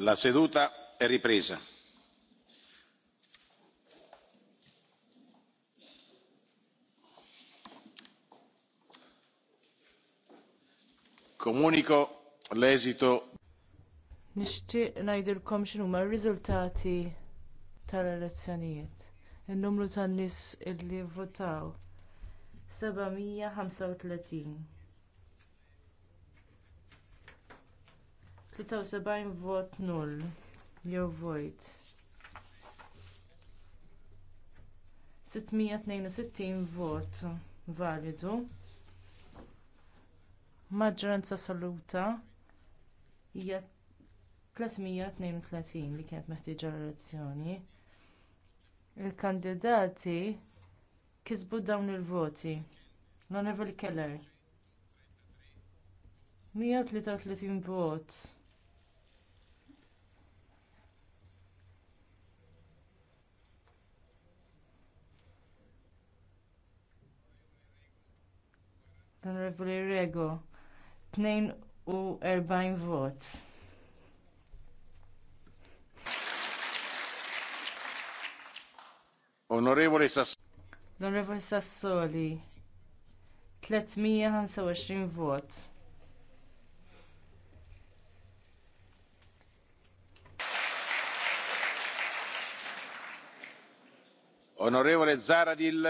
la seduta è ripresa. comunico l'esito nixtieq ngħidilkom x'inhuma r-riżultati tal-elezzjonijiet in-numru tan-nies illi vvotaw 735 76 vot null jew vojt 62 vot validu maġġoranza assoluta hija 332 li kienet meħtieġa l-elezzjoni il-kandidati kisbu dawn il-voti l-onorevoli keller 133 vot l-Onorevoli Rego, 42 vot. Onorevoli Sassoli. l Sassoli, 325 vot. Onorevole Zaradil.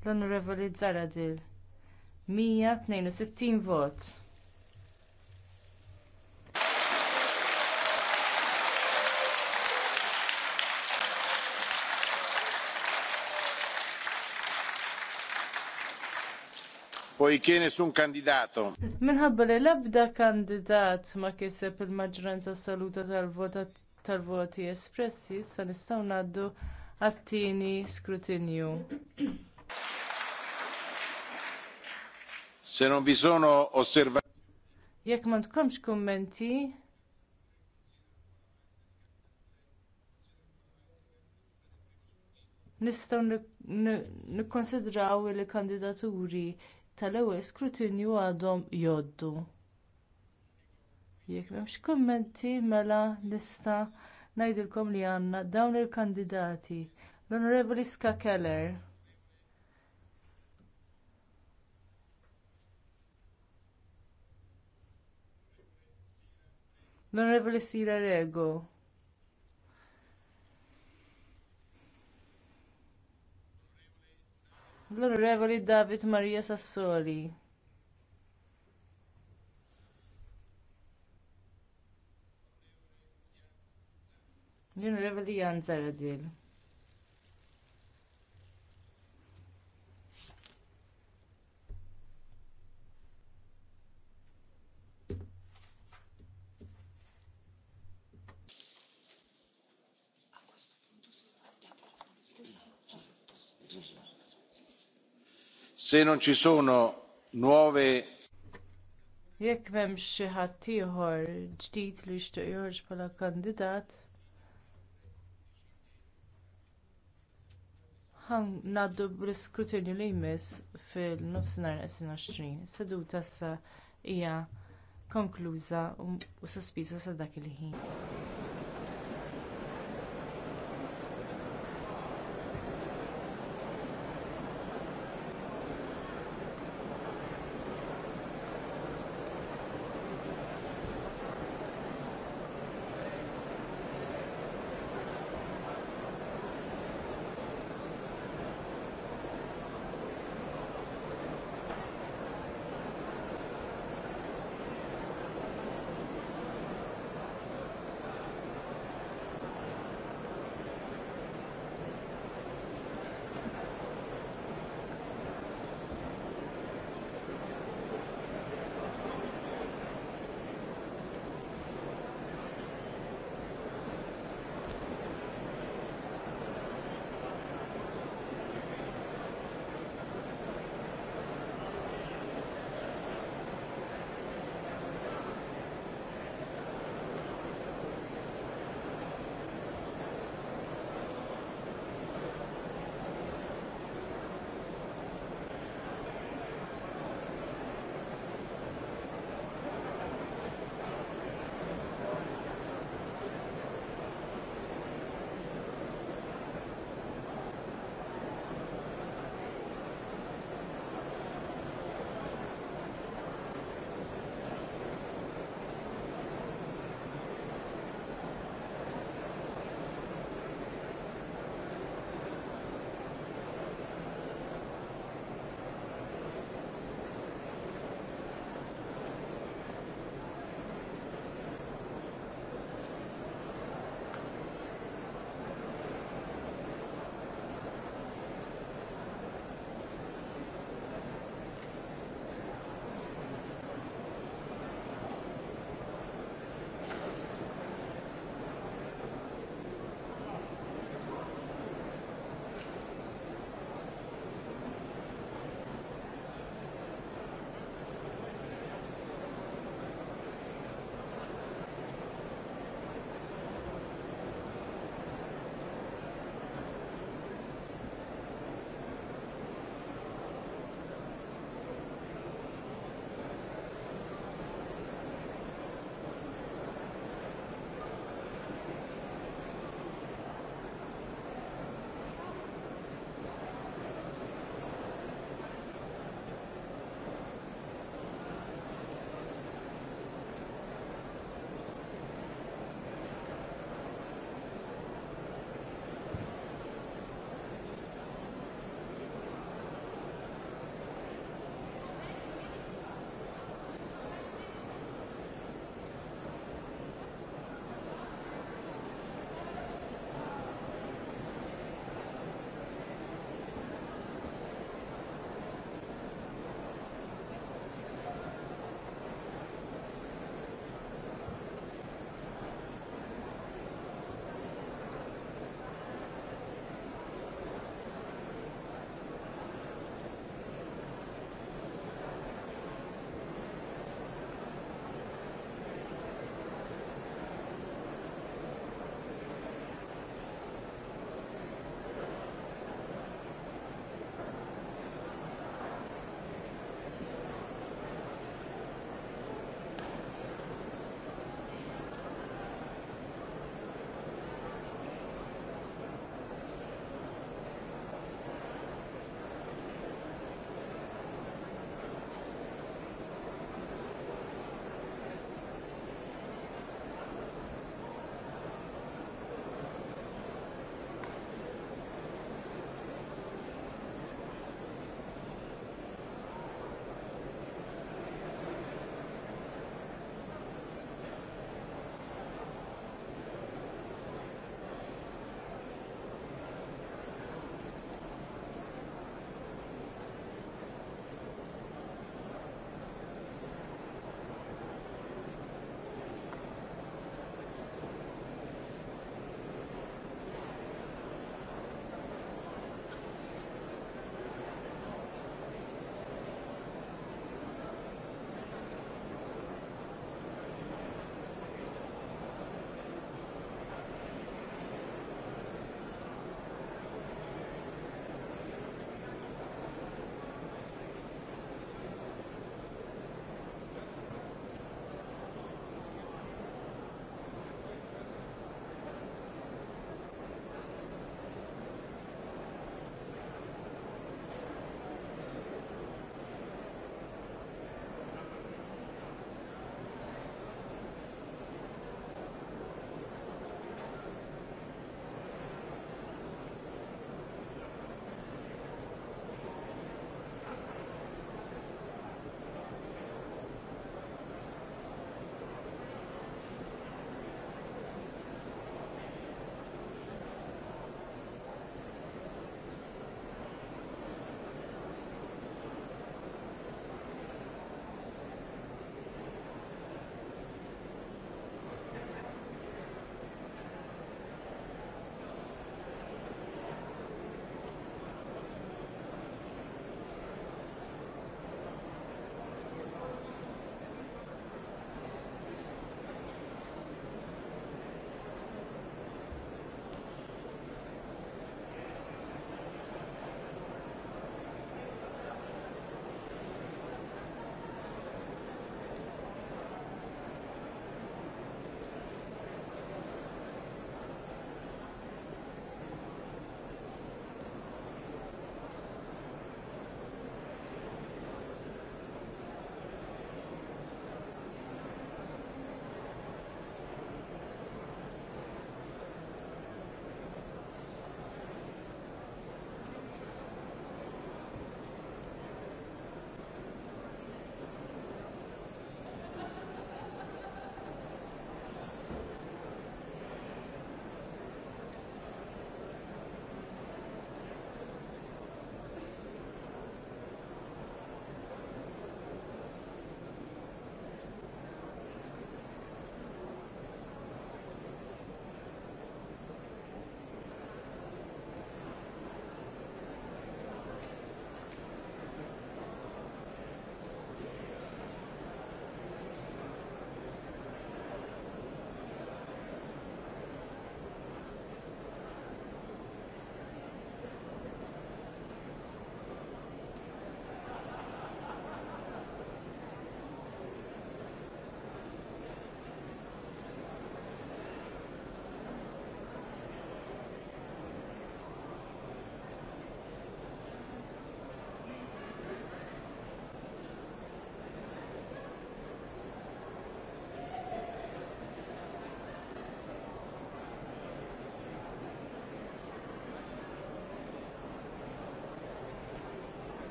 l Zaradil. 162 vot. Poiché nessun candidato. Minħabba li l-ebda kandidat ma kiseb il-maġġoranza assoluta tal-voti espressi, sa nistgħu ngħaddu għat-tieni skrutinju. Se non vi sono osservazioni. Jekk ma tkomx kummenti. Nistgħu nikkonsidraw il-kandidaturi tal-ewwel skrutinju għadhom jgħoddu. Jekk m'hemmx kummenti mela nista' ngħidilkom li għandna dawn il-kandidati. L-Onorevoli Ska Keller. L-Onorevoli Sira Rego. L-Onorevoli David Maria Sassoli. L-Onorevoli Jan Zaradil. Se non ci sono nuove Jekk m'hemmx xi ħadd ieħor ġdid li jixtieq joħorġ bħala kandidat, ħan ngħaddu bl-iskrutinju li jmiss fil-nofsinhar is Seduta issa hija konkluża u sospiża sa dak il-ħin.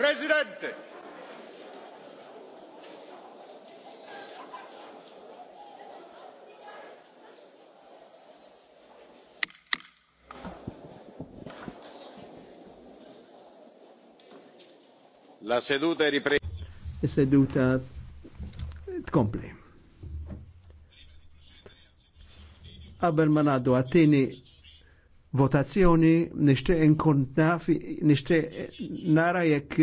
Presidente! La seduta è ripresa. La seduta tkompli. Abel Manado, a te ne votazzjoni nixtieq inkun naf nara jekk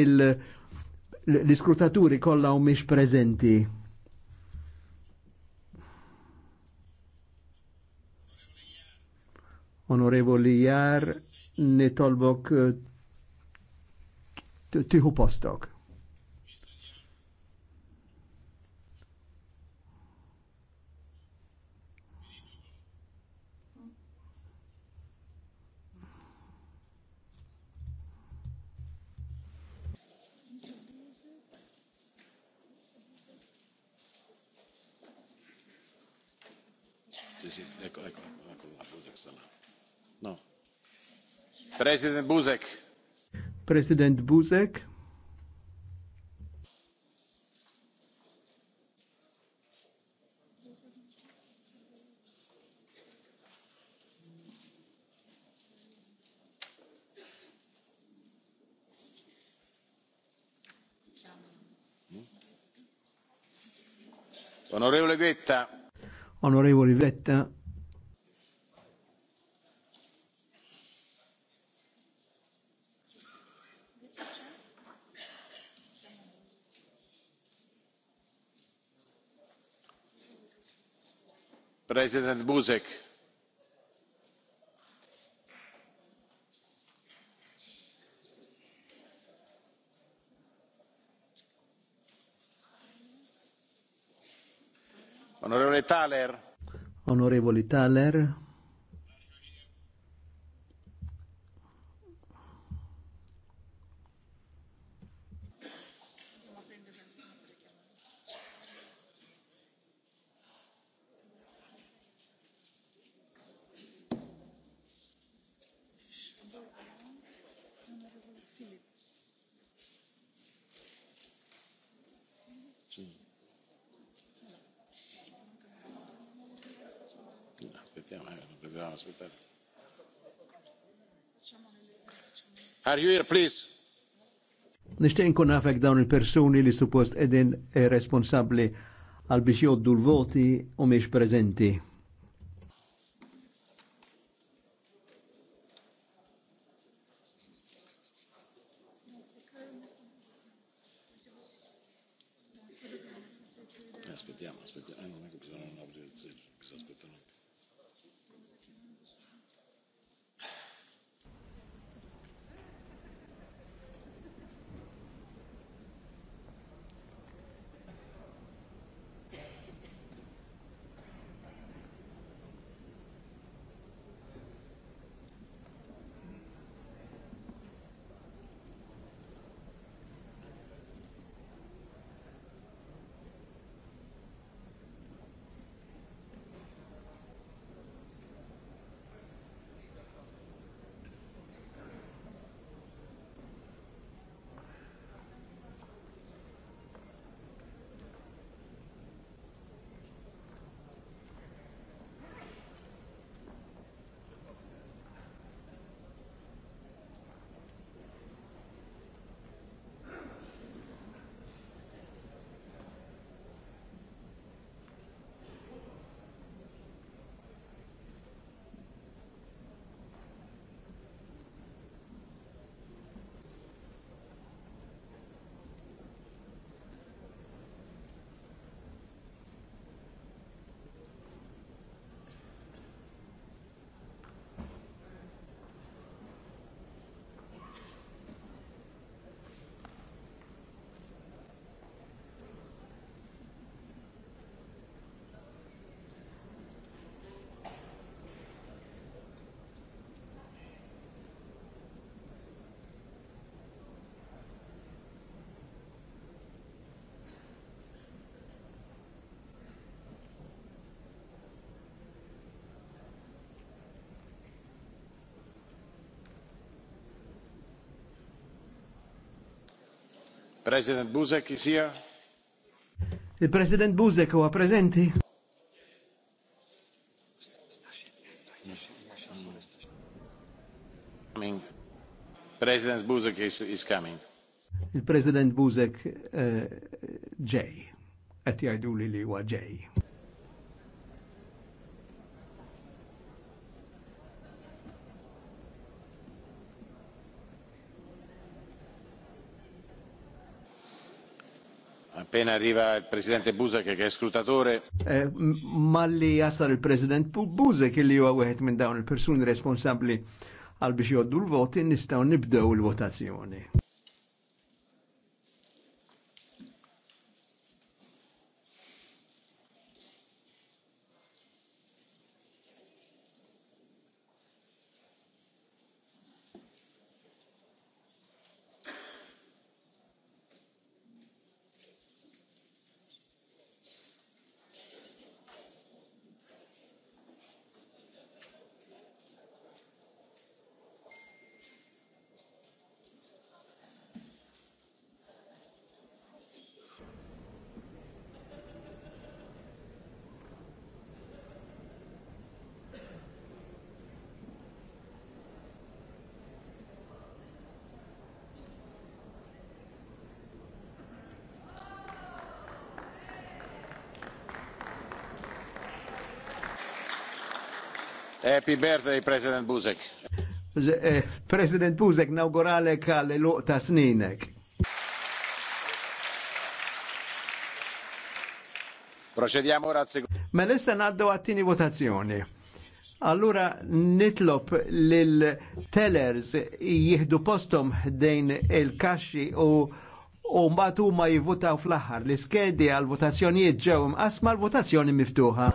l-iskrutaturi kollha mhix preżenti. Onorevoli Jar, nitolbok tiħu postok. President Buzek. President Buzek. Onorevole Vetta. Onorevole Vetta. president buzek onorevoli thaler onorevoli thaler Are you here, please? Nishtiq nkun nafek dawn il-persuni li suppost edin eh, responsabli għal biex joddu l-voti u miex prezenti. President Buzek is here. Il-President Buzek huwa preżenti. President Buzek is, is coming. Il-President Buzek eh, ġej. Uh, Qed jgħidu li huwa ġej. appena arriva il presidente Buzek che è scrutatore. Eh, malli jasar il-president Buzek li huwa wieħed minn dawn il-persuni responsabbli għal biex joddu l-voti nistgħu nibdew il-votazzjoni. Happy birthday, President Buzek. Eh, President Buzek, nawguralek għal luq ta' sninek. Procediamo ora al secondo. Ma mela, issa naddu għattini votazzjoni. Allura nitlob lil tellers jihdu postom ħdejn il-kaxxi u u mbagħad huma jivvutaw fl-aħħar. L-iskedi għal votazzjonijiet ġew imqasma l-votazzjoni miftuħa.